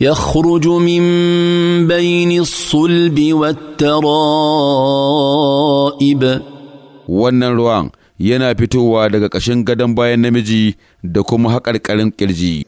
يخرج من بين الصلب والترائب wannan ruwan yana fitowa daga ƙashin gadon bayan namiji da kuma haƙarƙarin ƙirji